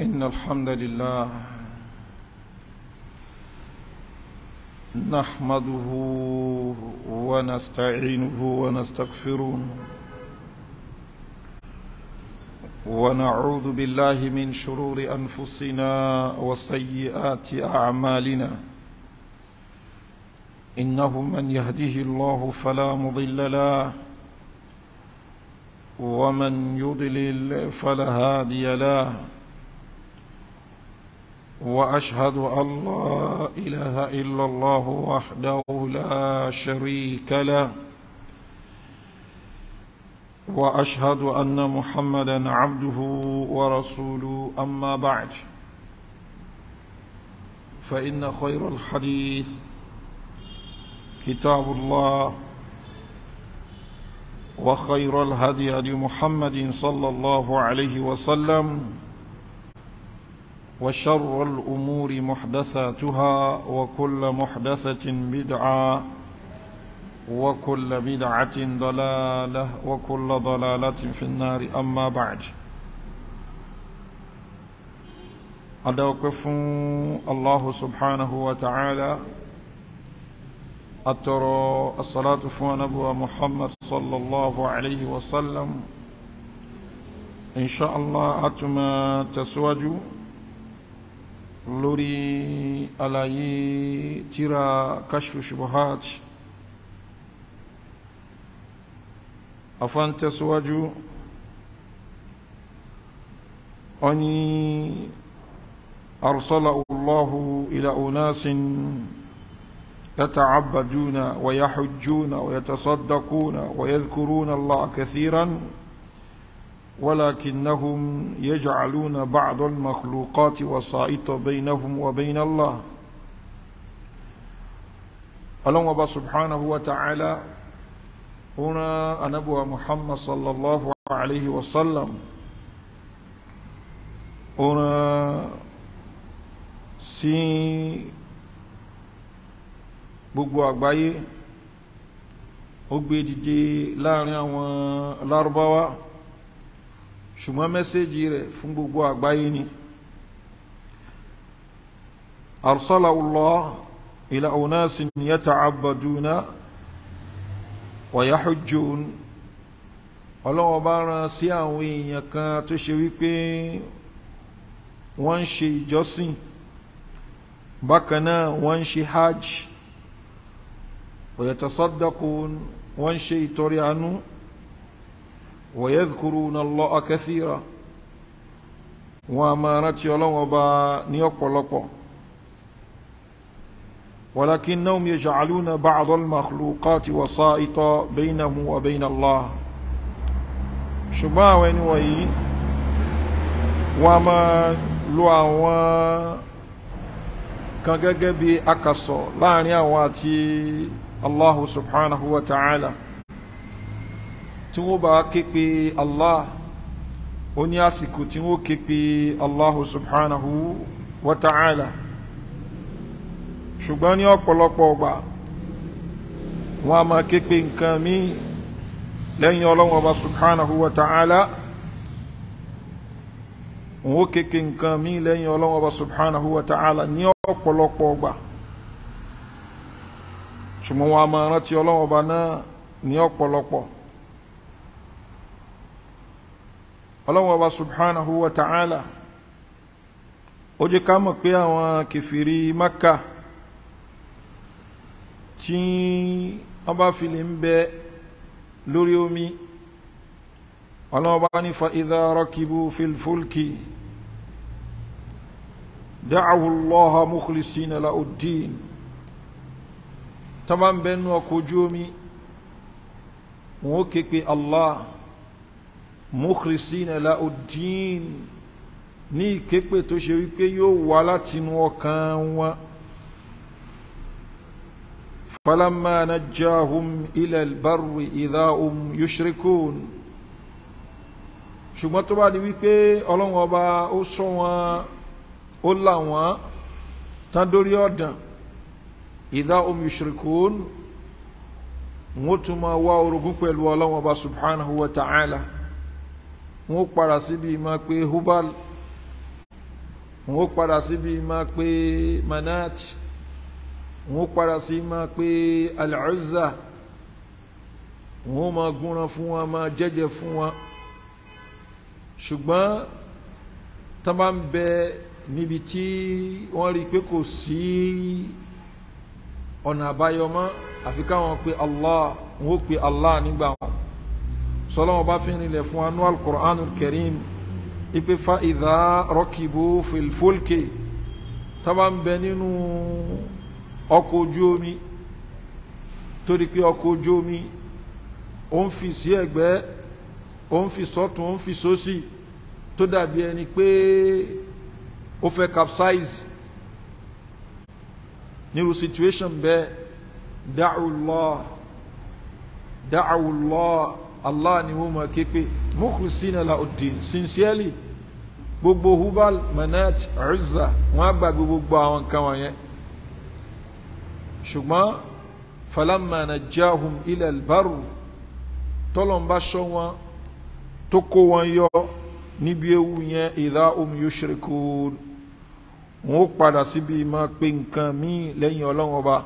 إن الحمد لله نحمده ونستعينه ونستغفره ونعوذ بالله من شرور أنفسنا وسيئات أعمالنا إنه من يهده الله فلا مضل له ومن يضلل فلا هادي له واشهد ان لا اله الا الله وحده لا شريك له واشهد ان محمدا عبده ورسوله اما بعد فان خير الحديث كتاب الله وخير الهدي هدي محمد صلى الله عليه وسلم وشر الأمور محدثاتها وكل محدثة بدعة وكل بدعة ضلالة وكل ضلالة في النار أما بعد أدوكف الله سبحانه وتعالى أترى الصلاة فوانبوى محمد صلى الله عليه وسلم إن شاء الله أتما تسواجوا lórí àlàyé tírà kashfu shubuhat afán tẹ̀síwájú ọni arsalahu Allahu ila unasin يتعبدون ويحجون ويتصدقون ويذكرون الله كثيراً ولكنهم يجعلون بعض المخلوقات وسائط بينهم وبين الله ọlọ́wọ́n ọba subhanahu wa ta'ala ọ̀nà anabuwa muhammad sallallahu alayhi wa sallam ọ̀nà sí gbogbo àgbáyé ó gbé dìde láàrin àwọn lárúbáwá. La ṣùgbọ́n mẹ́sẹ́jì rẹ̀ fún gbogbo àgbáyé ni arsalahu Allah ila unasin yata'abbaduna wa yahujjun ọlọ́wọ́ bá rán sí àwọn èèyàn kan tó ṣe wípé wọ́n ń ṣe ìjọsìn bákan náà wọ́n ń ṣe hajj wa wọ́n ń ṣe ìtọrẹ àánú ويذكرون الله كثيرا وما رتي الله با نيوبولوبو ولكنهم يجعلون بعض المخلوقات وسائط بينهم وبين الله ṣùgbọ́n àwọn ẹni wọ̀nyí wọ́n a máa lo àwọn kan gẹ́gẹ́ bí akasọ̀ láàrin àwọn àti Allahu subhanahu wa ta'ala. ta'ala tí wọ́n bá ké pe Allah ó ní àsìkò tí wọ́n ké pe Allahu subhanahu wa ta'ala ṣùgbọ́n ní ọ̀pọ̀lọpọ̀ ọgbà wọ́n a máa ké pe nǹkan míì lẹ́yìn ọlọ́run ọba subhanahu wa ta'ala òun ó kéke nǹkan míì lẹ́yìn ọlọ́run ọba subhanahu wa ta'ala ní ọ̀pọ̀lọpọ̀ ọgbà ṣùgbọ́n wọn a máa rántí ọlọ́run ọba náà ní ọ̀pọ̀lọpọ̀ ọlọ́wọ́ wa subhanahu wa ta'ala ó jẹ́ ká mọ̀ pé àwọn kẹfìrí maka tí wọ́n bá fi lè ń bẹ lórí omi ọlọ́wọ́ bá ní fa idha rakibu fil fulki da'awu allaha mukhlisina la'uddin tó bá ń bẹ ọkọ̀ ojú omi wọn ó képe allah mukhlisina lauddin ní ìképe tó ṣe wípé yóò wá látinú ọkàn wọn falamma najjahum ila albarri idha um yushrikun ṣùgbọ́n tó bá di wípé ọlọ́run ọba ó sọ wọn ó là wọn tán dórí ọ̀dàn idha yushrikun wọ́n tún máa wá orogún pẹ̀lú ọlọ́run ọba subhanahu wa ta'ala. wọn ó padà síbi máa pé Hubal wọn ó padà síbi máa pé Manat wọn ó padà sí máa pé al wọn ó máa gúnran fún wọn máa jẹ́jẹ́ fún wọn ṣùgbọ́n tá bá ń bẹ níbi tí wọ́n rí i pé kò sí ọ̀nà àbáyọ mọ́ àfi káwọn pe Allah wọn ó pe Allah nígbà wọn. sọlọ́wọ́ bá fi rinlẹ̀ fún anú al-Qur'an al-Karim ipe fa ìdá rọ́kìbó fìlfólkè tábà ń bẹ nínú ọkọ̀ ojú omi torí pé ọkọ̀ ojú omi ó ń fi sí ẹ̀gbẹ́ ó ń fi sọ́tún ó ń fi sósì tó dàbí ẹni pé ó fẹ́ capsize nírú situation bẹ́ẹ̀ da'u Allah da'u Allah allah ni wọ́n máa ké pé mukhlisina lahuddin sincerely gbogbo hubal manaj izza wọ́n á gbàgbé gbogbo àwọn nǹkan wọ̀nyẹn ṣùgbọ́n falamma najjahum ila albarru tọ́lọ̀mbá sọ wọn tó kó wọn yọ níbi ewu yẹn idha hum yushrikun wọn ó padà síbi máa pe nǹkan míì lẹ́yìn ọlọ́run ọba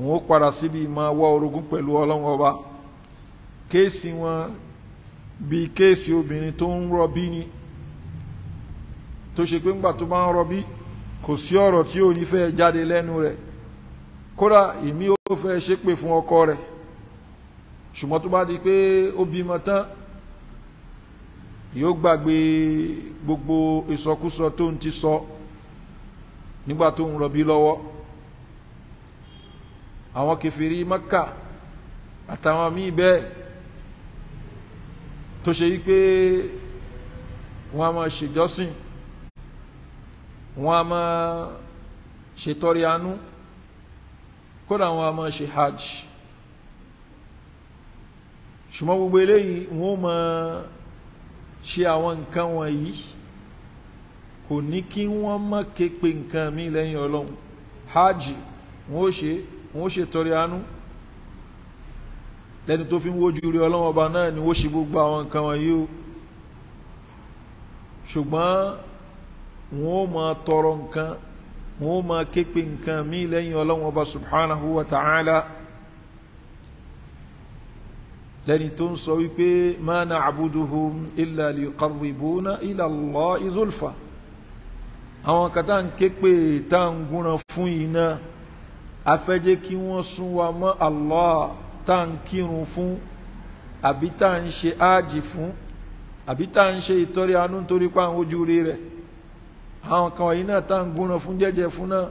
wọn ó padà síbi máa wá orogún pẹ̀lú ọlọ́run ọba kéèsì wọn bíi kéèsì obìnrin tó ń rọbí ni tó ṣe pé ńgbà tó bá ń rọbí kò sí ọ̀rọ̀ tí ò ní fẹ́ jáde lẹ́nu rẹ̀ kódà ìmí ó fẹ́ ṣépè fún ọkọ rẹ̀ ṣùgbọ́n tó bá di pé ó bímọ tán yóò gbàgbé gbogbo ìsọkúsọ tó ń ti sọ nígbà tó ń rọbí lọ́wọ́ àwọn kèfèrí Mákà àtàwọn míì bẹ́ẹ̀ tó ṣe yí pé wọ́n á máa ṣèjọ́sìn wọ́n á máa ṣètọrẹ àánú kódà wọ́n á máa ṣe hajj ṣùgbọ́n gbogbo eléyìí wọ́n ó máa ṣe àwọn nǹkan wọ̀nyí kò ní kí wọ́n má ké pe nǹkan mi lẹ́yìn ọlọ́run hajj wọ́n ó ṣe wọ́n ó ṣètọrẹ àánú lẹ́ni tó fi ń wojú rí ọlọ́wọ́n ọba náà ni ó ṣe gbogbo àwọn nǹkan wọ̀nyí o ṣùgbọ́n wọn ó máa tọrọ nǹkan wọn ó máa ké pe nǹkan míì lẹ́yìn ọlọ́wọ́n ọba subhanahu wa ta'ala lẹ́ni tó ń sọ wípé ma na'buduhum illa liqarribuna ila Allahi zulfa àwọn kan tá à ń ké pe tá à fún yìí náà afẹ́jẹ́ kí wọ́n sún wa mọ́ Allah tá à ń kírun fún àbí tá à ń ṣe áàjì fún àbí tá à ń ṣe ìtọ́rẹ àánú nítorí pé àwọn ojú rí rẹ̀ àwọn kan wọ̀nyí náà tá ń gúnra fún jẹ́jẹ́ fún náà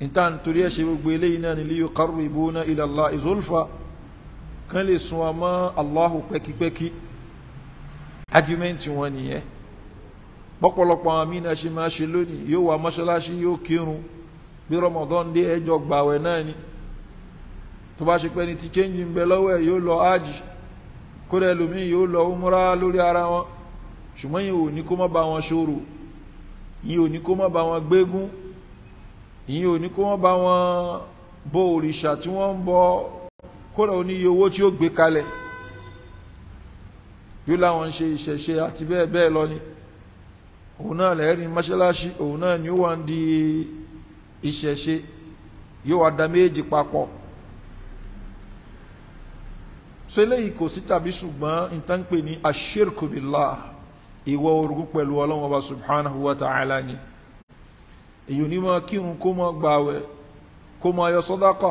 níta nítorí ẹ̀ ṣe gbogbo eléyìí náà ní li yuqarribuna ila Allahi zulfa kán lè sun wa mọ́ Allahu pẹ́kípẹ́kí ágúmẹ́ǹtì wọn nìyẹn pọ́pọ́lọpọ̀ àwọn míì náà ṣe máa ṣe lónìí yóò wà mọ́ṣáláṣí yóò kírun bí Ramadan dé gbàwẹ̀ náà ni tó bá ṣe pé ní ti change ń bẹ lọ́wọ́ ẹ̀ yóò lọ hajj kódà ẹlòmíì yóò lọ umra lórí ara wọn ṣùgbọ́n yìí ò ní kó má ba wọn ṣòro yìí ò ní kó má ba wọn gbégún yìí ò ní kó má ba wọn bọ òrìṣà tí wọ́n ń bọ kódà ó ní iye owó tí ó gbé kalẹ̀ yóò láwọn ṣe ìṣẹ̀ṣe àti bẹ́ẹ̀ bẹ́ẹ̀ lọ ni òun náà lẹ́rìn mọ́ṣáláṣí òun náà ni ó wà ń di ìṣẹ̀ṣe yóò wá da méjì papọ̀ so eléyìí kò sí tàbí ṣùgbọ́n nǹkan pè ní ashirku billah ìwọ orogún pẹ̀lú ọlọ́run ọba subhanahu wa ta'ala ni èyí ò ní máa kírun kó máa gbààwẹ̀ kó máa yọ sọ́dákà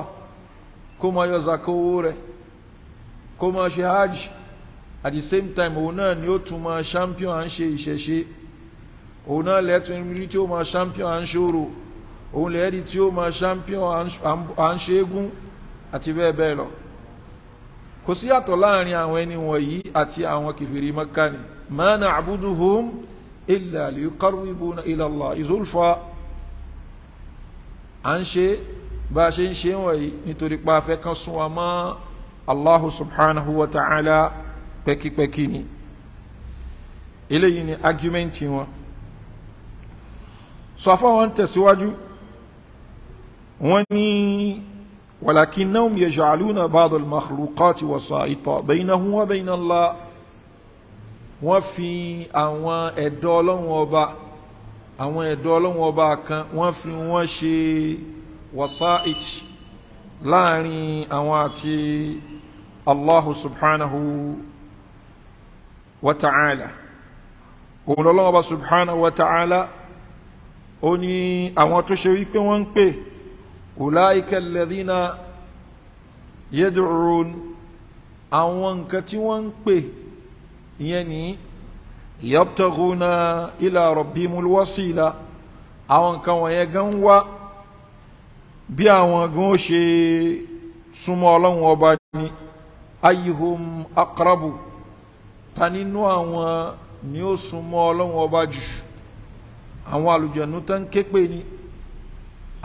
kó máa yọ zakowó rẹ̀ kó máa ṣe hajj at the same time òun náà ni ó tún máa champion à ń ṣe ìṣẹ̀ṣe òun náà lẹ́tún rí tí ó máa champion à ń ṣòro òun lẹ́ẹ̀rí tí ó máa champion à ń ṣe égún àti bẹ́ẹ̀ bẹ́ẹ̀ lọ kò sí yàtọ̀ láàrin àwọn ẹni wọ̀nyí àti àwọn kìfìrí mọ́kànnì ma na'buduhum illa liyuqarribuna ila Allahi zulfa à ń ṣe bá a ṣe ń ṣe wọ̀nyí nítorí pa afẹ́ kan sún wa mọ́ Allahu subhanahu wa ta'ala pẹ́kípẹ́kí ni eléyìí ni argument wọn sọ fún wọn tẹ̀síwájú wọn ní. ولكنهم يجعلون بعض المخلوقات وسائطا بينهم وبين الله wọ́n fi àwọn ẹ̀dọ́ ọlọ́run ọba àwọn ẹ̀dọ́ ọlọ́run ọba kan wọ́n fi wọ́n ṣe wasa'it láàrin àwọn àti allahu subhanahu wa ta'ala òun ọlọ́run ọba subhanahu wa ta'ala ó ní àwọn tó ṣe wípé wọ́n ń pè é أولئك الذين يدعون àwọn nǹkan tí wọ́n ń pè ìyẹn ní yabtaguna ila rabbimul wasila àwọn nǹkan wọ̀nyẹn gan wá bí àwọn gan ó ṣe súnmọ́ ọlọ́run ọba ní ayyuhum aqrabu ta nínú àwọn ni ó súnmọ́ ọlọ́run ọba jù àwọn àlùjànnú tán ké pè ní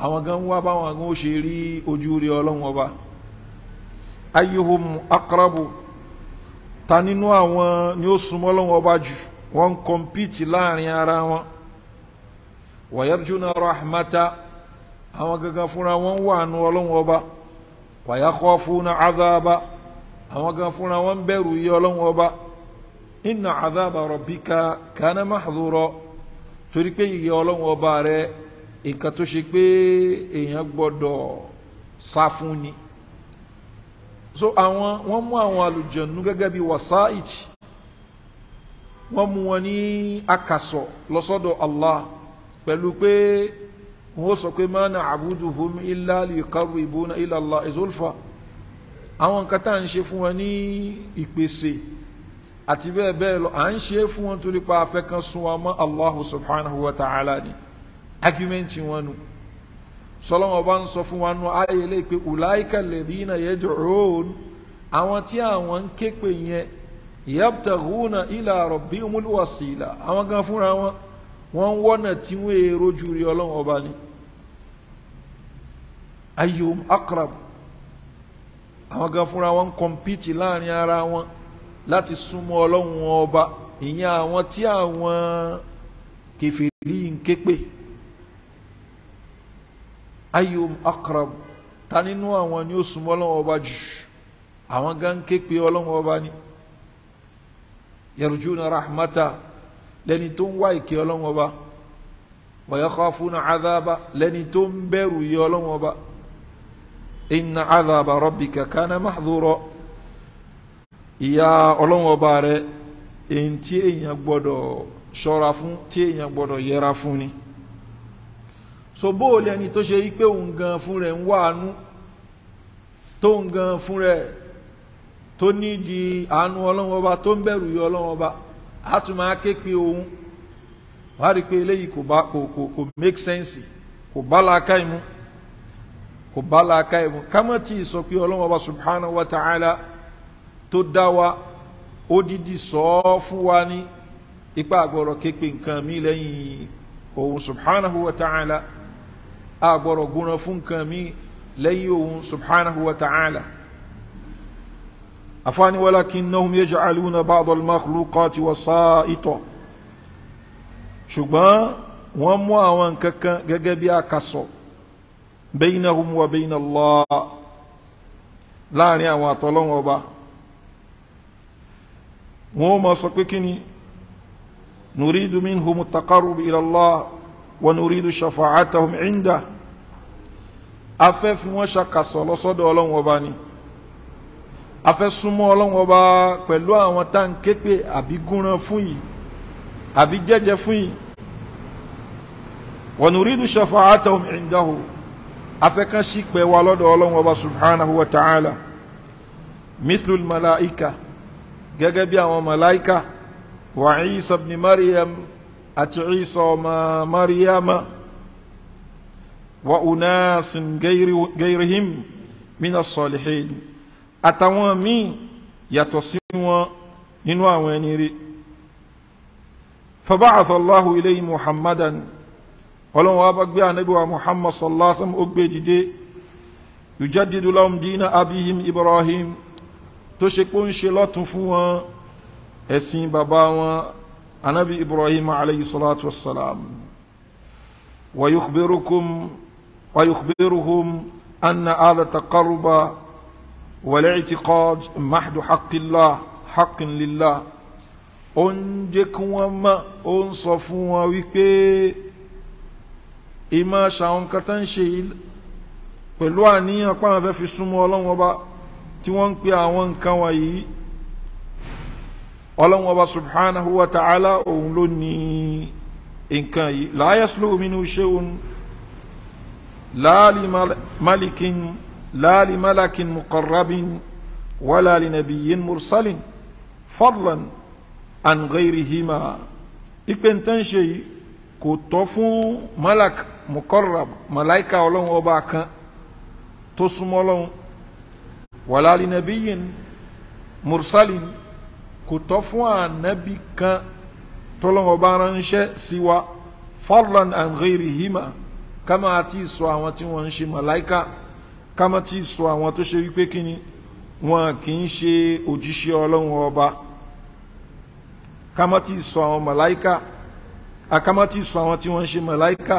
àwọn gan wá báwọn gan ó ṣe rí ojú rí ọlọ́run ọba ayyuhum aqrabu ta nínú àwọn ni ó súnmọ́ ọlọ́run ọba jù wọ́n ń kọ́mpìtì láàrin ara wọn wa yarjuna rahmata àwọn gangan fúnra wọn wà nù ọlọ́run ọba wa yakhafuna azaba àwọn gangan fúnra wọn bẹ̀rù yí ọlọ́run ọba inna azaba rabbika kana mahdhura torí pé ìyẹ́ ọlọ́run ọba rẹ̀ nǹkan tó ṣe pé èèyàn gbọ́dọ̀ sá fún ni so àwọn wọ́n mú àwọn àlùjọ̀nù gẹ́gẹ́ bí wasaid wọ́n mú wọn ní akasọ̀ lọ́sọ́dọ̀ Allah pẹ̀lú pé wọ́n sọ pé ma na'buduhum illa liyuqarribuna ila Allah zulfa àwọn nǹkan tá à ń ṣe fún wọn ní ìpèsè àti bẹ́ẹ̀ bẹ́ẹ̀ lọ à ń ṣe fún wọn torípa afẹ́ kan mọ́ Allah subhanahu wa ta'ala ni argument wọn nu sọlọ́wọ́n bá ń sọ fún wa nu ayé lè pe ulaika ladina yad'un àwọn tí àwọn ń ké pè yẹn yabtaghuna ila rabbihimul wasila àwọn gan fúnra wọn wọ́n ń wọ́nà tí wọ́n èrò ju rí ọlọ́wọ́n ọba ni ayyum akrab àwọn gan fúnra wọn ń kọ̀mpìtì láàrin ara wọn láti súnmọ́ ọlọ́wọ́n ọba ìyẹn àwọn tí àwọn kèfèrí ń ké pè ayum akrab ta nínú àwọn ni ó súnmọ́ ọlọ́run ọba jù àwọn gan ké pe ọlọ́run ọba ni yarjuna rahmata lẹni tó ń wá ìkẹ́ ọlọ́run ọba wa yakhafuna adhaba lẹni tó ń bẹ̀rù yẹ ọlọ́run ọba inna adhaba rabbika kana mahdhura ìyà ọlọ́run ọba rẹ èyí tí èèyàn gbọ́dọ̀ ṣọ́ra fún tí èèyàn gbọ́dọ̀ yẹra fún ni so bó o lẹni tó ṣe yí pé òun gan fún rẹ̀ ń wá àánú tóun gan fún rẹ̀ tó ní di àánú ọlọ́run ọba tó ń bẹ̀rù yọ ọlọ́run ọba á tún máa ké pe òun wá rí i pé eléyìí kò bá kò kò kò make sense kò bá laaka ìmú kò bá laaka ìmú kámọ́ tí sọ pé ọlọ́run ọba subhanahu wa ta'ala tó dá wa ó sọ ọ́ fún wa ní ipa àgbọ̀rọ̀ ké pe nǹkan mi lẹ́yìn òun subhanahu wa ta'ala agbọ́rọ̀ gúnran fún nǹkan mi lẹ́yìn òun subhanahu wa ta'ala afani walakinnahum yaj'aluna ba'd al-makhluqati wasa'ita ṣùgbọ́n wọ́n mú àwọn nǹkan kan gẹ́gẹ́ bí akasọ̀ baynahum wa bayna Allah láàrin àwọn àtọ́lọ́wọ́n ọba wọ́n mọ̀ sọ pé kí ni nuridu minhum at-taqarrub wa nuridu shafa'atahum inda afẹ́ fi wọ́n ṣàkàsọ̀ lọ́sọ́dọ̀ ọlọ́run ọba ni afẹ́ súnmọ́ ọlọ́run ọba pẹ̀lú àwọn tá n ké pé àbí gúnran fún yìí àbí jẹ́jẹ́ fún yìí wa nuridu shafa'atahum indahu afẹ́ kan sí pẹ̀ wá lọ́dọ̀ ọlọ́run ọba subhanahu wa ta'ala mithlul malaika gẹ́gẹ́ bí àwọn malaika wa Isa ibn Maryam àti Isa ọmọ Maryama wa unasin gairihim mina salihin àtàwọn míì yàtọ̀ sí wọn nínú àwọn ẹni rí faba'atha Allahu ilayhi Muhammadan ọlọ́run wa bá gbé ànábì wa Muhammad sallallahu alaihi wasallam ó dìde yujaddidu lahum abihim Ibrahim tó ṣe pé ó ń ṣe lọ́tún fún wọn ẹ̀sìn bàbá wọn anabi ibrahim alayhi salatu wassalam wa yukhbirukum wa yukhbiruhum anna hadha taqarruba wal i'tiqad mahdu haqqillah haqqin lillah ó ń jẹ́ kí wọ́n mọ̀ ó ń sọ fún wọn wípé ìmọ̀ ṣàwọn kan tó ń ṣe yìí pẹ̀lú àníyàn pàwọn fẹ́ fi súnmọ́ ọlọ́run ọba tí wọ́n ń pe àwọn nǹkan wọ̀nyí ọlọ́run ọba subhanahu wa ta'ala òun ló ní nǹkan yìí la yaslu minu shay'un la li malikin la li malakin muqarrabin wala li nabiyyin mursalin fadlan an ghayrihima ìpè ń tán ṣe yìí kò tọ́ fún malak muqarrab malaika ọlọ́run ọba kan tó súnmọ́ ọlọ́run wala li kò tọ́ fún ànábì kan tọ́lọ́wọ́ bá ránṣẹ́ sí wa fadlan an ghayrihima ká máa ti sọ àwọn tí wọ́n ń ṣe màláìka ká máa ti sọ àwọn tó ṣe wípé kíni wọn kì í ṣe òjíṣẹ́ ọlọ́run ọba ká ti sọ àwọn màláìka ká ti sọ àwọn tí wọ́n ń ṣe màláìka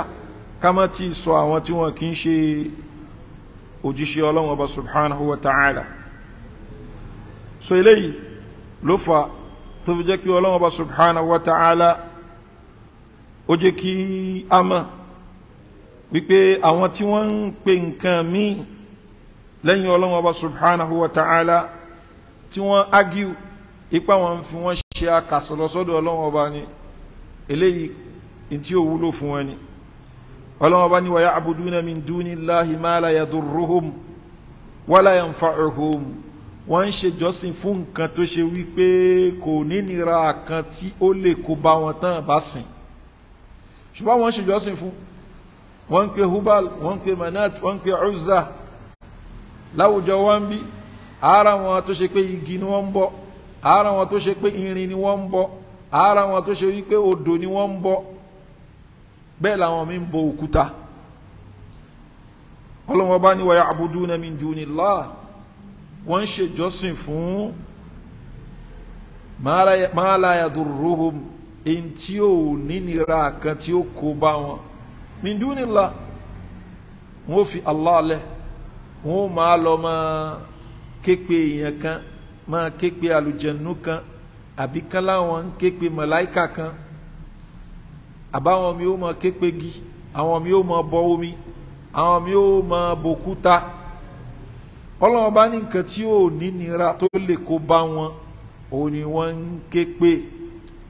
ká ti sọ àwọn tí wọ́n kì í ṣe òjíṣẹ́ ọlọ́run ọba subhanahu wa ta'ala so eléyìí ló fà tó fi jẹ́ kí Ọlọ́run Ọba subhanahu wa ta'ala ó jẹ́ kí a mọ̀ wípé àwọn tí wọ́n ń pe nǹkan míì lẹ́yìn Ọlọ́run Ọba subhanahu wa ta'ala tí wọ́n ágíw ipá wọn fi wọ́n ṣe akàsọ̀lọ́sọ́dọ̀ Ọlọ́run Ọba ni eléyìí tí ó wúlò fún wọn ni Ọlọ́run Ọba ni wa ya'buduna min dunillahi ma la yadurruhum wa la yanfa'uhum wọ́n ń ṣe jọ́sìn fún nǹkan tó ṣe wípé kò nínira kan tí ó lè kó bá wọn tán bá sìn ṣùgbọ́n wọ́n ń ṣe jọ́sìn fún wọ́n ń pe Hubal wọ́n ń pe Manat wọ́n ń pe Uzza láwùjọ wọn bí ara wọn tó ṣe pé igi ni wọ́n ń bọ ara wọn tó ṣe pé irin ni wọ́n ń bọ ara wọn tó ṣe wípé odò ni wọ́n ń bọ bẹ́ẹ̀ làwọn mi ń bọ òkúta ọlọ́wọ́n bá ní wa ya'buduna min dunillah wọ́n ń ṣèjọ́sìn fún ma la yadurruhum èyí tí ò nínira kan tí ó kó bá wọn min dunillah wọn ò fi Allah lẹ wọn ò máa lọ máa képe èèyàn kan máa képe àlùjànnú kan àbí kan láwọn ń képe màláìkà kan àbáwọn mi ò máa képe gi àwọn mi ò máa bọ omi àwọn mi ò máa bòkúta ọlọ́run bá ní nǹkan tí ò ní nira tó lè kó bá wọn òun ni wọ́n ń ké pé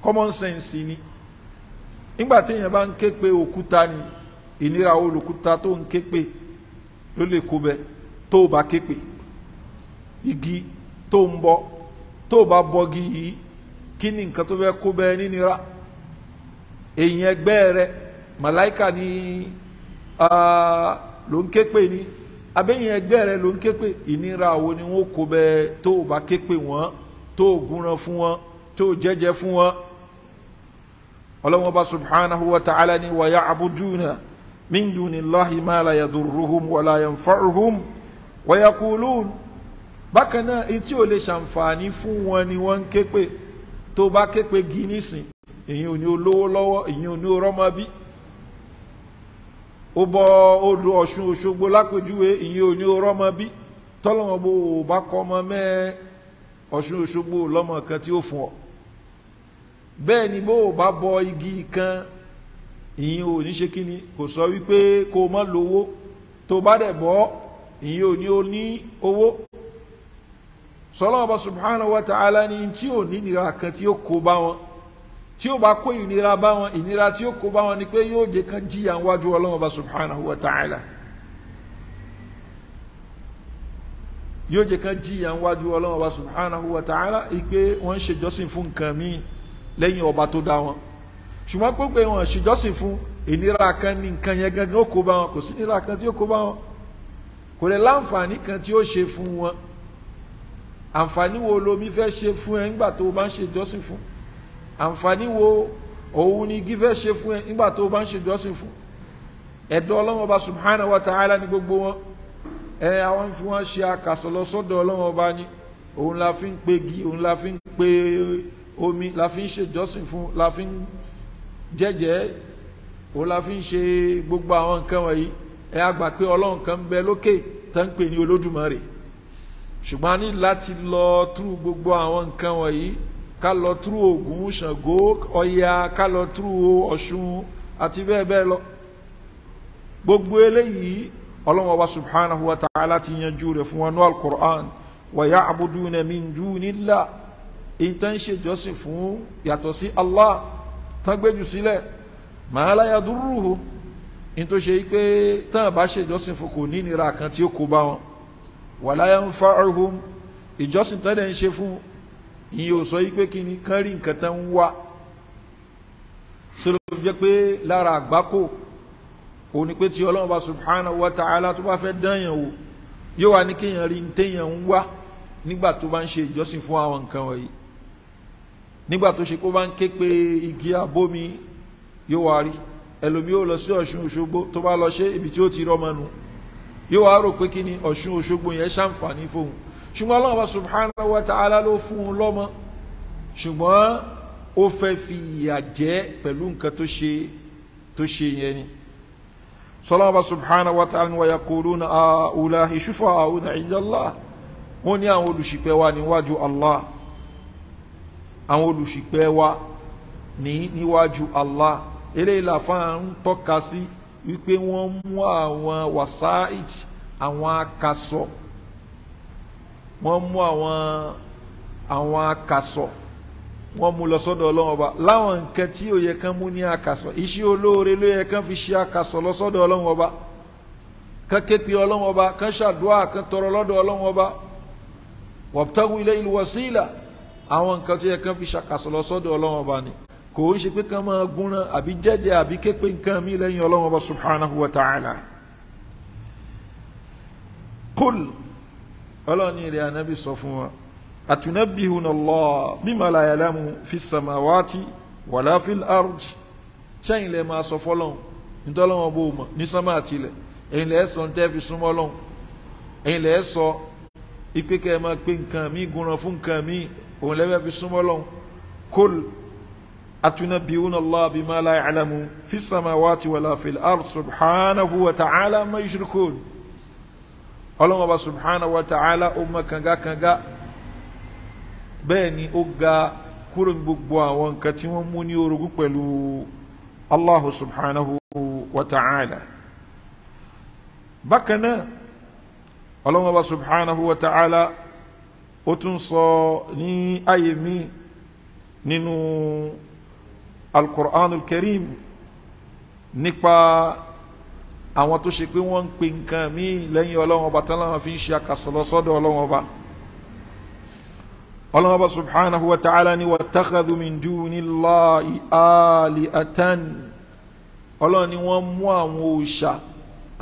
common sense ni nígbà téèyàn bá ń ké pé òkúta ni ìnira olùkúta tó ń ké pé ló lè kó bẹ tó o bá ké pé igi tó ń bọ tó o bá bọgi yìí kí ni nǹkan tó fẹ́ kó bẹ nínira èèyàn ẹgbẹ́ rẹ màláìka ni ah, ló ń ké pé ni abẹ́yìn ẹgbẹ́ rẹ ló ń ké pé ìnira wo ni wọ́n kó bẹ́ẹ̀ tó o bá ké pé wọ́n tó o gúnran fún wọn tó o jẹ́jẹ́ fún wọn. ọlọ́wọ́n bá subhanahu wa ta'ala ni wa ya'buduna min dunillahi ma la yadurruhum wa la yanfa'uhum wa bákan náà etí ò lè ṣàǹfààní fún wọn ni wọ́n ń ké pé tó o bá ké pé gínísìn èyí ò ní olówó lọ́wọ́ èyí ò ní orọ́mọbí ó bọ odò ọ̀ṣun òṣogbo lápèjúwe ìyẹn ò ní orọ́ ọmọ bí tọ́lọ́mọ bó o bá kọ́ ọmọ mẹ́ẹ́ ọ̀ṣun òṣogbo lọ́mọ kan tí ó fún ọ bẹ́ẹ̀ ni bó o bá bọ igi kan ìyẹn ò ní ṣe kí ni kò sọ wípé kó o mọ́ lówó tó bá dẹ̀ bọ́ ìyẹn ò o ní owó sọlọ́ọ̀bọ subhanahu wa ta'ala ni tí ò ní nira kan tí ó kó bá wọn tí ó bá kó ìnira bá wọn ìnira tí ó kó bá wọn ni pé yóò jẹ kán jìyà wájú ọlọ́run ọba subhanahu wa ta'ala yóò jẹ kán jìyà wájú ọlọ́run ọba subhanahu wa ta'ala ipe wọ́n ń ṣèjọ́sìn fún nǹkan míì lẹ́yìn ọba tó dá wọn ṣùgbọ́n gbogbo wọn ṣèjọ́sìn fún ìnira kan ní nǹkan yẹn gangan ó kó bá wọn kò sí ìnira kan tí ó kó bá wọn kò lè láǹfààní kan tí ó ṣe fún wọn àǹfààní wo lomi fẹ́ ṣe fún ẹ nígbà tó o bá ń ṣèjọ́sìn fún àǹfààní wo òun ni gífẹ́ ṣe fún ẹ nígbà tó o bá ń ṣe jọ́sìn fún ẹ̀dọ́ ọlọ́wọ́n ọba subhanahu wa ta'ala ní gbogbo wọn ẹ àwọn fi wọn ṣe àkàsọ̀ lọ sọ́dọ̀ ọlọ́wọ́n ọba ni òun la fi ń pe gi òun la fi ń pe omi la fi ń ṣe jọ́sìn fún la fi ń jẹ́jẹ́ òun la fi ń ṣe gbogbo àwọn nǹkan wọ̀nyí ẹ àgbà pé ọlọ́run kan ń bẹ lókè tán ń pè ní Olódùmarè ṣùgbọ́n a ní láti lọ túrú gbogbo àwọn nǹkan wọ̀nyí ká lọ túrú Ògún Ṣàngó Ọya ká lọ túrú Ọ̀ṣun àti bẹ́ẹ̀ bẹ́ẹ̀ lọ gbogbo eléyìí ọlọ́wọ́n wa subhanahu wa ta'ala ti yanjú rẹ̀ fún wa ní al-Qur'an wa ya'buduna min dunillah ìtàn ṣèjọ́sìn fún yàtọ̀ sí Allah tán gbéjù sílẹ̀ ma la yadurruhu in tó ṣe pé tán bá ṣèjọ́sìn fún kò ní nira kan tí ó kó bá wọn wala yanfa'uhum ìjọ́sìn tán dẹ̀ ń ṣe fún ìyẹn ò sọ yìí pé kí ni kán rí nǹkan tán ń wá sọlọ jẹ pé lára àgbákò òun ni pé tí ọlọ́run bá subhanahu wa ta'ala tó bá fẹ́ dányàn wò yóò wá ní kéèyàn rí téèyàn ń wá nígbà tó bá ń ṣe ìjọsìn fún àwọn nǹkan wọ̀nyí nígbà tó ṣe kó bá ń ké pe igi abómi yóò wá rí ẹlòmíì ó lọ sí ọ̀ṣun òṣogbo tó bá lọ ṣe ibi tí ó ti rọ́mọ nù yóò wá rò pé kí ni ọ̀ṣun òṣogbo yẹn ṣàǹfààní fóun ṣùgbọ́n Allah wa subhanahu wa ta'ala ló fún un lọ́mọ ṣùgbọ́n ó fẹ́ fi ìyà jẹ pẹ̀lú nǹkan tó ṣe tó ṣe yẹn ni sọlọ́wọ́ bá subhanahu wa ta'ala wa yaquluna a'ula'i shufa'a'una 'inda Allah wọ́n ní àwọn olùṣìpẹ̀ wa níwájú Allah àwọn olùṣìpẹ̀ wa ní níwájú Allah eléyìí làfáà tọ́ka sí wípé wọ́n mú àwọn wasa'id àwọn akasọ̀ wọ́n mú àwọn àwọn akasọ̀ wọ́n mú lọ sọ́dọ̀ ọlọ́run ọba láwọn nǹkan tí ó yẹ kán mú ní akasọ̀ iṣẹ́ olóore ló yẹ kán fi ṣe akasọ̀ lọ sọ́dọ̀ ọlọ́run ọba kán ké pe ọlọ́run ọba kán ṣàdúrà kán tọrọ lọ́dọ̀ ọlọ́run ọba wabtagu ilayil wasila àwọn nǹkan tó yẹ kán fi ṣàkàsọ̀ lọ sọ́dọ̀ ọba ni kò ń ṣe pé kán máa gúnran àbí jẹ́jẹ́ àbí ké pe nǹkan mi lẹ́yìn ọlọ́run ọba subhanahu wa ta'ala ọlọ́ni ilẹ̀ anábì sọ fún wa atunabihuna Allah bima la ya'lamu fi samawati wala fil ardi sẹ́yìn lẹ́ máa sọ fọ́lọ́n nítọ́lọ́wọ́ bó o mọ̀ ní sánmà àtìlẹ̀ ẹ̀yin lẹ́ sọ ní tẹ́ẹ̀fì súnmọ́ lọ́hùn ẹ̀yin lẹ́ sọ ipe kẹ́ ẹ máa pe nǹkan mi gúnran fún nǹkan mi òun lẹ́fẹ́ fi súnmọ́ lọ́hùn kol atunabihuna Allah fi samawati wala fil subhanahu wa ta'ala ọlọ́run ọba subhanahu wa ta'ala ó mọ kangakanga bẹ́ẹ̀ ni ó ga kúrò gbogbo àwọn nǹkan tí wọ́n mú ní orogún pẹ̀lú allahu subhanahu wa ta'ala bákan náà ọlọ́run wa ta'ala ó tún sọ ní ayé mi nínú alqur'anul karim nípa àwọn tó ṣe pé wọ́n ń pe nǹkan míì lẹ́yìn ọlọ́run ọba tán láwọn fi ń ṣe àkàsọ̀lọ́ sọ́dọ̀ ọlọ́run ọba ọlọ́run ọba subhanahu wa ta'ala ni wattakhadhu min dunillahi alihatan ọlọ́run ni wọ́n mú àwọn òòṣà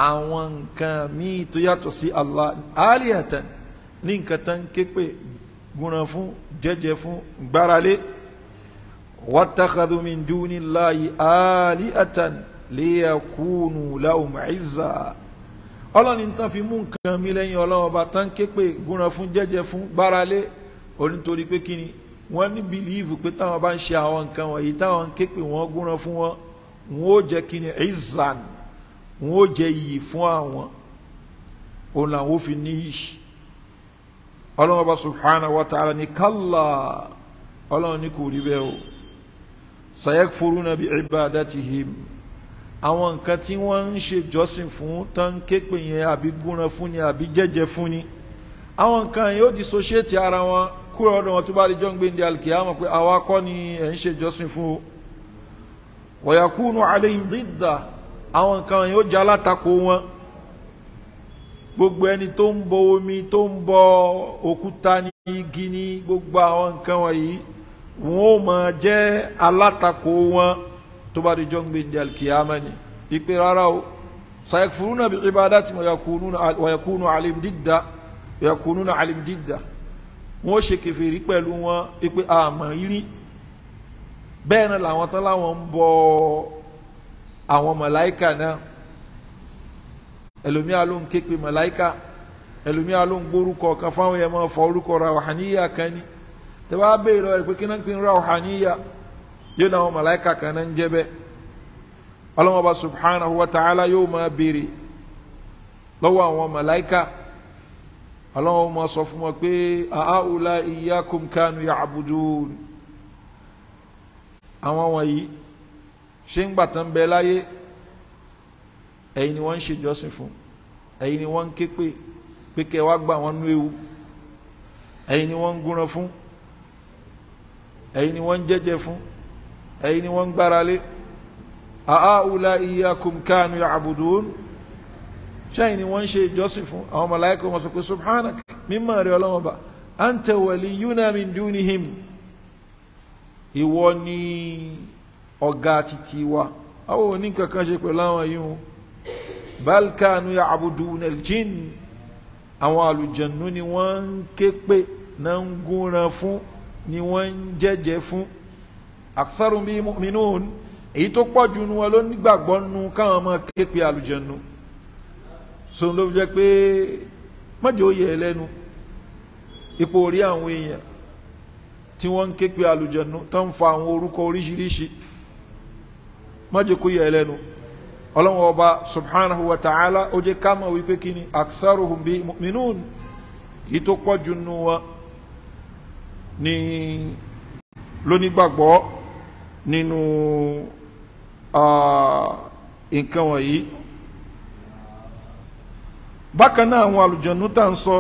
àwọn nǹkan míì tó yàtọ̀ sí Allah alihatan ní nǹkan tán ké gúnran fún jẹ́jẹ́ fún gbáralé wattakhadhu min dunillahi alihatan. liyakunu lahum izza ọlọ́ni tán fi mú nǹkan mi lẹ́yìn ọlọ́wọ́ bá tán ké pé gúnran fún jẹ́jẹ́ fún gbáralé onítorí pé kíni wọ́n ní bìlíìfù pé táwọn bá ń ṣe àwọn nǹkan wọ̀nyí táwọn ń ké pé wọ́n fún wọn wọn ó jẹ́ izzan wọn ó jẹ́ iyì fún àwọn òun làwọn ó fi níyì ọlọ́wọ́ bá subhanahu wa ta'ala kálá ní kò rí bẹ́ẹ̀ o bi ibadatihim. àwọn nǹkan tí wọ́n ń ṣe jọ́sìn fún tán képe yẹn àbí gúnran fún ni àbí jẹ́jẹ́ fún ni àwọn nǹkan yìí ó dissociate ara wọn kúrò ọ̀dọ̀ wọn tó bá di jọ́ ń gbé ndí alkiyama pé àwa kọ́ ni ẹ̀ ń ṣe jọ́sìn fún o wa yakunu alayhim didda àwọn nǹkan yìí ó jẹ́ alátakò wọn gbogbo ẹni tó ń bọ omi tó ń bọ òkúta ní igi ní gbogbo àwọn nǹkan wọ̀nyí wọn ó máa jẹ́ alátakò wọn tó bá di jọ́ gbèndé alkiyama ni ipe rárá o sayakfuruna bi ibadati wa yakunu alim didda wa yakunu alim didda wọ́n ṣe kèfèrí pẹ̀lú wọn ipe àmọ́ irí bẹ́ẹ̀ náà làwọn tán láwọn ń bọ àwọn màláìkà náà ẹlòmíà ló ń ké pe màláìkà ẹlòmíà kan fáwọn yẹn máa fọ orúkọ ràwáníyà kan ni tẹ́ bá béèrè lọ rẹ̀ pé kí náà ń yóò náà wọn màláìka kan náà ń jẹ́ bẹ́ẹ̀ ọlọ́wọ́n bá subhanahu wa ta'ala yóò máa béèrè lọ́wọ́ àwọn màláìka ọlọ́wọ́n máa sọ fún wọn pé àáwùlá iyyakum kanu ya'budun àwọn wọ̀nyí ṣé ń gbàtàn bẹ láyé ẹ̀yin ni wọ́n ń ṣèjọ́sìn fún ẹ̀yin ni wọ́n ń ké pé pé kẹ́ wá gbà wọ́n nú ewu ẹ̀yin ni wọ́n ń gúnran fún ẹ̀yin ni wọ́n ń jẹ́jẹ́ fún ẹ̀yin ni wọ́n ń gbára lé àáhùlá iyyakum kanu ya'budun ṣẹ́yìn ni wọ́n ń ṣe ìjọsìn fún àwọn màláíkà wọn sọ pé subhanak mímọ́ rẹ̀ ọlọ́wọ́n bá anta waliyuna min dunihim ìwọ ni ọ̀gá títí wa àwọn òní kankan ṣe pẹ̀lú àwọn yìí wọn bal kanu ya'budun àwọn àlùjànnú ni wọ́n ń ké pé náà ń gúnran fún ni wọ́n ń jẹ́jẹ́ fún aktharu bi mu'minun èyí tó pọ̀ jù nu wọn ló nígbàgbọ́ nu káwọn ọmọ képe àlùjànnú so ló fi jẹ́ pé mọ́jọ́ ó yẹ ẹ lẹ́nu ipò orí àwọn èèyàn tí wọ́n ń képe àlùjànnú tó ń fa àwọn orúkọ oríṣiríṣi mọ́jọ́ kó yẹ ẹ lẹ́nu ọlọ́run ọba subhanahu wa ta'ala ó jẹ́ ká mọ̀ wípé kí ni aktharuhum bi mu'minun èyí tó pọ̀ nu wọn ní lónígbàgbọ́ nínú nǹkan wọ̀nyí bákan náà àwọn àlùjọ̀nù tá ń sọ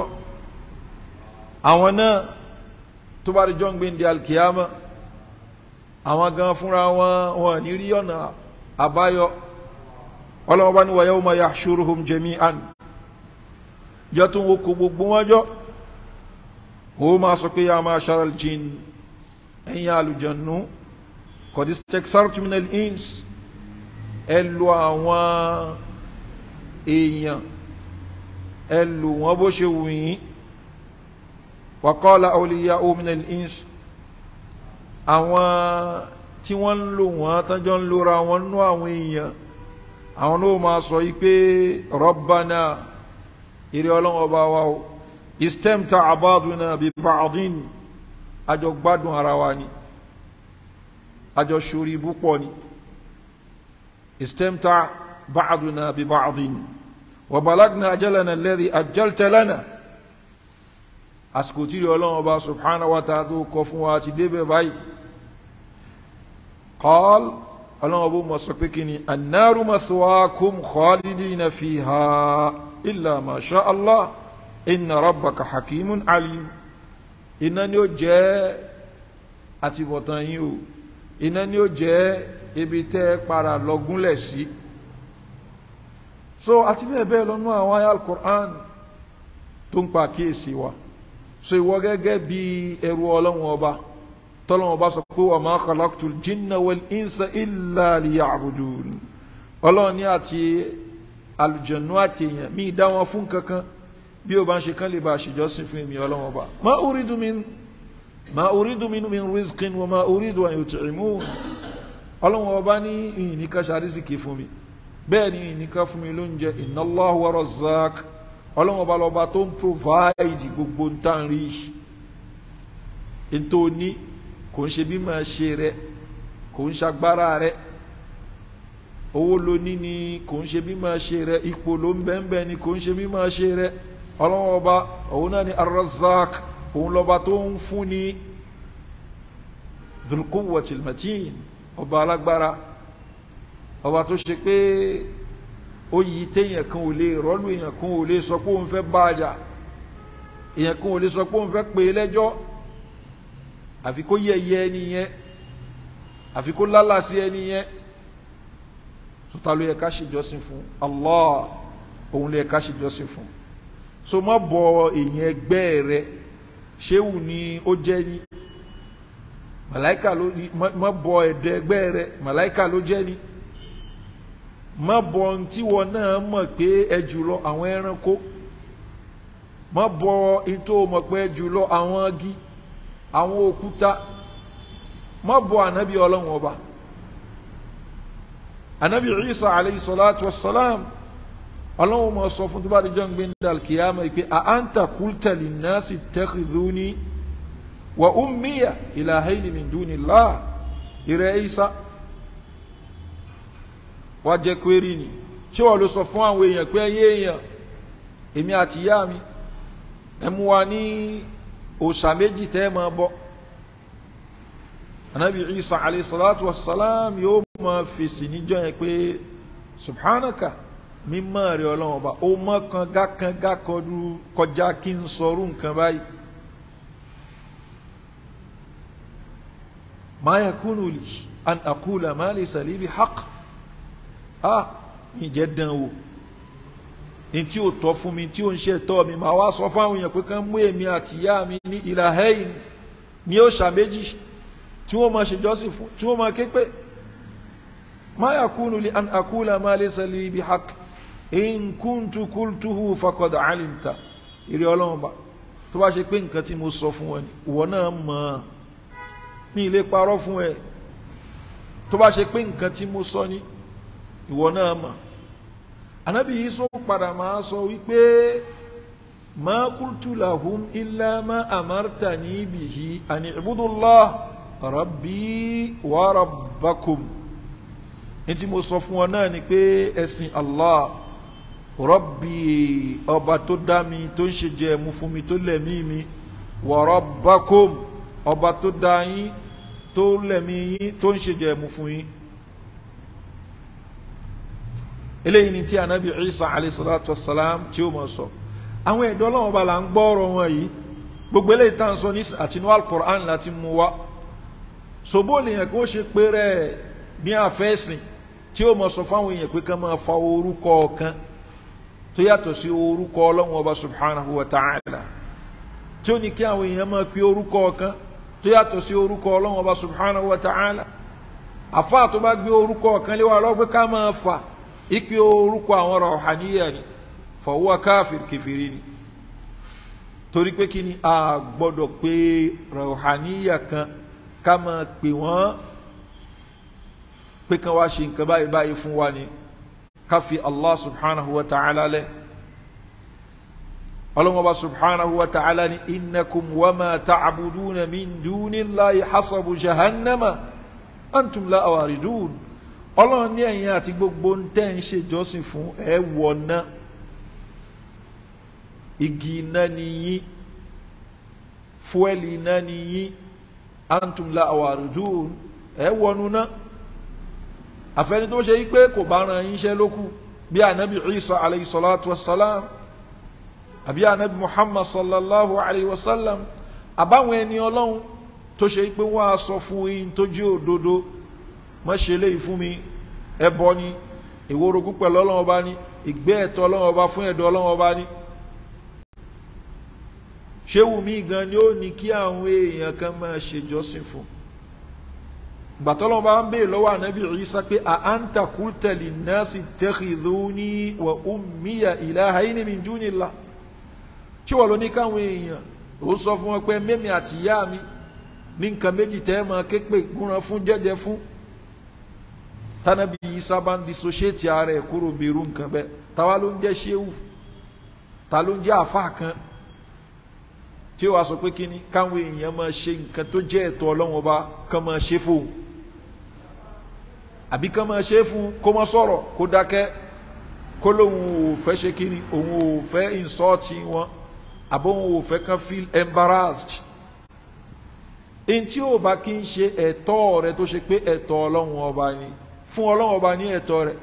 àwọn náà tó bá rí jọ́ ń gbé ndí alkiyama àwọn gan fúnra wọn wọn ní rí ọ̀nà àbáyọ ọlọ́wọ́ bá ní wa yawma yahshuruhum jami'an jọ tó ń wo kó gbogbo wọn jọ ó máa sọ pé ya ma'shara al-jinn àlùjọ̀nù kọ̀dí stekfartu minel ins ẹ e lu àwọn èèyàn ẹ e lu wọn bó ṣe wù yín wàkọ́lá awliya minel ins àwọn tí wọ́n ń lò wọ́n tọ́jọ́ ń lora wọn nú àwọn èèyàn àwọn ló máa sọ yìí pé rabbana èrè ọlọ́run ọba wa o istemta abaduna bi ba'din àjọ gbádùn ara wa ni àjọ sórí ibú pọ̀ ni istemta ba'duna bi ba'din wa balagna ajalana alladhi ajjalta lana àsìkò tí ìrìn ọlọ́run ọba subhanahu wa ta'ala tó kọ fún wa ti débẹ̀ báyìí qal ọlọ́run ọba mọ̀ sọ pé kí ni annaru mathwaakum khalidina fiha illa ma Allah inna rabbaka hakimun alim iná ni ó jẹ́ àtibọ̀tán yín o iná ni ó jẹ́ ibi tẹ́ para lọ́gúnlẹ̀ sí so àti bẹ́ẹ̀ bẹ́ẹ̀ lọ́nú àwọn ayé alukur'an tó ń pa àkíyèsí wa so ìwọ gẹ́gẹ́ bí ẹrú ọlọ́run ọba tọ́lọ́run ọba sọ pé wa ma khalaqtul jinna wal insa illa liya'budun ọlọ́run ní àti alùjẹ̀nú àti èèyàn mi dá wọn fún kankan bí o bá ń ṣe kán lè ba àṣejọ́sìn fún èmi ọlọ́run ọba ma uridu min ma uridu min min rizqin wa ma uridu an yut'imun ọlọ́run ọba ní ìyìn nìkan ṣàrísìkì fún mi bẹ́ẹ̀ ni ìyìn nìkan fún mi lóúnjẹ inna Allahu wa razzaq ọlọ́run ọba lọ́ba tó ń provide gbogbo ń tàn rí ètò òní kò ń ṣe bí máa ṣe rẹ kò ń ṣagbára rẹ owó ló ní ni kò ń ṣe bí máa ṣe rẹ ipò ló ń bẹ́ẹ̀ bẹ́ẹ̀ ni kò ń ṣe bí máa ṣe rẹ ọlọ́run ọba òun náà ni ar-razzaq òun lọ́ba tó ń fún ní zulkuwatil matin ọba alágbára ọba tó ṣe pé ó yí téèyàn kan ò lè rọ́lù èèyàn kan ò lè sọ pé òun fẹ́ bá a jà èèyàn kan ò lè sọ pé òun fẹ́ pè é lẹ́jọ́ àfi kó yẹ̀yẹ́ ẹni yẹn àfi kó lálàsí ẹni yẹn sọta ló yẹ ká ṣèjọsìn fún Allah òun ló ká ṣèjọsìn fún so má bọ èèyàn ẹgbẹ́ rẹ̀ ṣéwù ni ó jẹ́ ni màláìka ló ní mọ́ bọ ẹ̀dẹ̀ ẹgbẹ́ rẹ màláìka ló jẹ́ ni mọ́ bọ ohun wọn náà mọ̀ pé ẹ jùlọ àwọn ẹranko mọ́ bọ ohun tó pé ẹ jùlọ àwọn igi àwọn òkúta mọ́ bọ ànábì ọlọ́run ọba ànábì Isa alayhi salatu wa salam ọlọ́run máa sọ fún tó bá di jọ́ ń gbé ní alkiyama ìpè àáńtà kúltà linnasi tẹ́kìdúní wà ummiya ilahayni min dunillah ìrẹ́ ìsá wá jẹ́ kwérì ni ṣé wọ́n ló sọ fún àwọn èèyàn pé ẹyẹ èèyàn èmi àti ìyá mi ẹ mú wa ní òòṣà méjì tẹ́ ẹ máa bọ́ anabi isa alayhi salatu wa salam yóò máa fèsì níjọ́ yẹn pé subhanaka mímọ́ rẹ̀ ọlọ́run ọba ó mọ́ kan gákan gákọdú kọjá kí n sọrú nǹkan báyìí ma yakunu li an aqula ma laysa li bi haqq a ìjẹ́ dán o ní tí ò tọ́ fún mi tí ò ń ṣe tọ́ mi màá wá sọ fáwọn èèyàn pé kán mú èmi àti ìyá mi ní ìlàhẹ́yìn ní òòṣà méjì tí wọ́n máa ṣèjọ́sìn fún tí wọ́n máa ké pé ma yakunu li an aqula ma laysa li in kuntu kultuhu faqad alimta ìrẹ Ọlọ́run ba tó bá ṣe pé nǹkan tí mo sọ fún ẹ ìwọ náà mọ̀ mi lè parọ́ fún ẹ tó bá ṣe pé nǹkan tí mo sọ ni ìwọ náà mọ̀ anabi yìí sọ padà máa sọ wípé ma kultu lahum illa ma amartani bihi an ibudullah rabbi wa rabbakum ní tí mo sọ fún ọ náà ni pé ẹ̀sìn Allah rọ́bì ọba tó dá mi tó ń ṣe jẹ mu fún mi tó lẹ̀mí mi wa rabbakum ọba tó dá yín tó lẹ̀mí yín tó ń ṣe jẹ mu fún yín. eléyìí ni tí anabi Isa alayhi salatu tí ó mọ̀ sọ àwọn ẹ̀dọ́ ọlọ́wọ́n ba la ń gbọ́ ọ̀rọ̀ wọn yìí gbogbo eléyìí tá à ń sọ ní àtinú al láti mú wa sobo lèèyàn kó ṣe pé rẹ ní àfẹ́sìn tí ó mọ̀ sọ fáwọn èèyàn pé ká máa fa orúkọ kan tó yàtọ̀ sí orúkọ ọlọ́run ọba subhanahu wa ta'ala tí ó ní kí àwọn èèyàn máa pe orúkọ kan tó yàtọ̀ sí orúkọ ọlọ́run ọba subhanahu wa ta'ala àfáà tó bá gbé orúkọ kan léwà lọ́gbẹ́ ká máa fà ipe orúkọ àwọn rọ̀hàníyà ni fọwọ́ káfíìrì kìfìrí ni torí pé kí ni a gbọ́dọ̀ pé rọ̀hàníyà kan ká máa pè wọ́n pé kan wá ṣe nǹkan báyìí báyìí fún wa ni káfí allah subhanahu wa ta'ala lẹ ọlọ́mọba subhanahu wa ta'ala ni innakum wama ta'buduna min dunillahi hasabu jahannama antum la awaridun ọlọ́run ní ẹ̀yin àti gbogbo ń tẹ́ ń ṣèjọ́sìn fún ẹ igi iná ni yín fúẹ́lì iná antum la awaridun ẹ wọ̀nu àfẹni tó ṣe pé kò bá ran iṣẹ́ lókù bí anabi isa alayhi salatu wa salam àbí anabi muhammad sallallahu alayhi wa sallam àbáwọn ẹni ọlọ́run tó ṣe pé wọ́n á sọ fún yín tó jẹ́ òdodo má ṣe léyìí fún mi ẹbọ ni ìwórogún pẹ̀lú ọlọ́run ọba ni ìgbé ẹ̀tọ́ ọlọ́run ọba fún ẹ̀dọ́ ọlọ́run ọba ni ṣéwù mí gan ni ó ní kí àwọn èèyàn kan máa ṣèjọ́sìn fún un gbàtọ́lọ́ bá ń bèèrè lọ́wọ́ ànábì Ìsá pé a anta qulta linnasi ittakhidhuni wa ummiya ilahayni min dunillah tí wọ́n lọ ní káwọn èèyàn ó sọ fún wọn pé mẹ́mi àti ìyá mi ní nǹkan méjì tẹ́ máa ké pè gúnra fún jẹ́jẹ́ fún tánábì Ìsá bá ń disosiéètì ara ẹ̀ kúrò bẹ̀rù nǹkan bẹ́ẹ̀ táwa ló ń jẹ́ ṣéwù ta ló ń jẹ́ àfa kan tí ó sọ pé kí káwọn èèyàn máa ṣe nǹkan tó jẹ́ ẹ̀tọ́ Ọlọ́run ọba kán máa ṣe fóun àbí kán máa ṣe é fún kó mọ́ sọ̀rọ̀ kó dákẹ́ kó lóun ò fẹ́ ṣe kí ni òun ò fẹ́ ìnsọ́ọ̀tì wọn àbó òun ò fẹ́ kán feel embarrassed n tí ò bá kí n ṣe ẹ̀tọ́ rẹ tó ṣe pé ẹ̀tọ́ ọlọ́run ọba ni fún ọlọ́run ọba ní ẹ̀tọ́ rẹ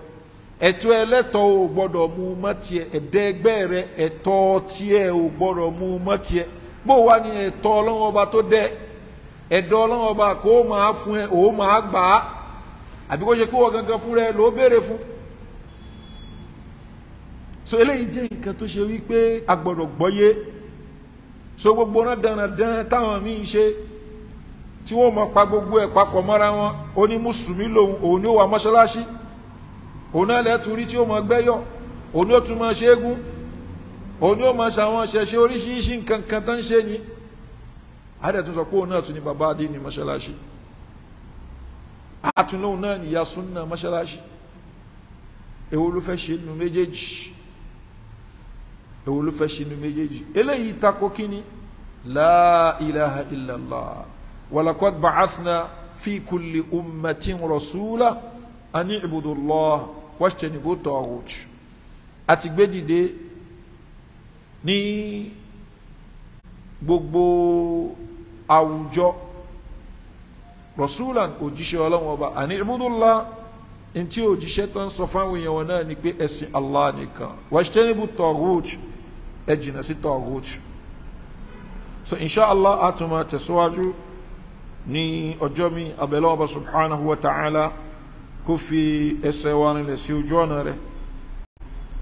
ẹ̀tọ́ ẹlẹ́tọ́ ò gbọ́dọ̀ mú mọ́ tiẹ̀ ẹ̀dẹ́gbẹ́ rẹ ẹ̀tọ́ tiẹ̀ ò gbọ́dọ̀ mú mọ́ tiẹ̀ bó wà ní ẹ̀tọ́ ọlọ́run ọba tó dẹ ẹ̀dọ́ ọlọ́run ọba kó máa fún ẹ òun máa gbà àbí kó ṣe pé wọ́n gangan fúnra ẹ ló béèrè fún so eléyìí jẹ́ nǹkan tó ṣe wípé a gbọ́dọ̀ gbọ́yé so gbogbo náà dandan táwọn míì ṣe tí wọ́n mọ pa gbogbo ẹ̀ papọ̀ mọ́ra wọn ó ní mùsùlùmí lòun òun ni ó wà mọ́ṣáláṣí òun náà lẹ́tù tí ó mọ gbẹ́yọ̀ òun ni ó tún mọ ṣẹ́gun òun ni ó mọ ṣàwọn ṣẹṣẹ oríṣiríṣi nǹkan kan tó ń ṣe ni àdẹ̀tún sọ pé òun náà tún ní bàbá àdín ní mọ́ṣáláṣí àtúnlóhùn náà nìyá súnà mọ́ṣáláṣí èwo ló fẹ́ ṣe nu méjèèjì èwo ló fẹ́ ṣe nu méjèèjì eléyìí tako kíni la ilaha illallah walakad ba'athna fi kulli ummatin rasula ani ibudullah wajtanibu taghut àti gbé ní gbogbo àwùjọ rasulan òjíṣẹ́ ọlọ́run ọba àní ibùdókòlá ntí òjíṣẹ́ tó ń sọ fáwọn èèyàn wọn náà ni pé ẹ̀sìn allah nìkan wàṣítẹ́nìbù tọ̀gùt ẹ jìnnà sí tọ̀gùt so inshallah a tún máa tẹ̀síwájú ní ọjọ́ mi abẹ́lẹ́ ọba subhanahu wa ta'ala kó fi ẹsẹ̀ wa nílẹ̀ sí ojú ọ̀nà rẹ̀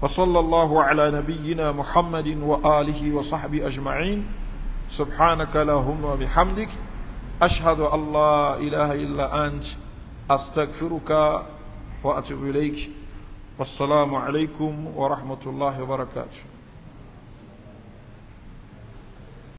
وصلى الله على نبينا محمد وآله وصحبه أجمعين سبحانك اللهم وبحمدك أشهد أن لا إله إلا أنت أستغفرك وأتوب إليك والسلام عليكم ورحمة الله وبركاته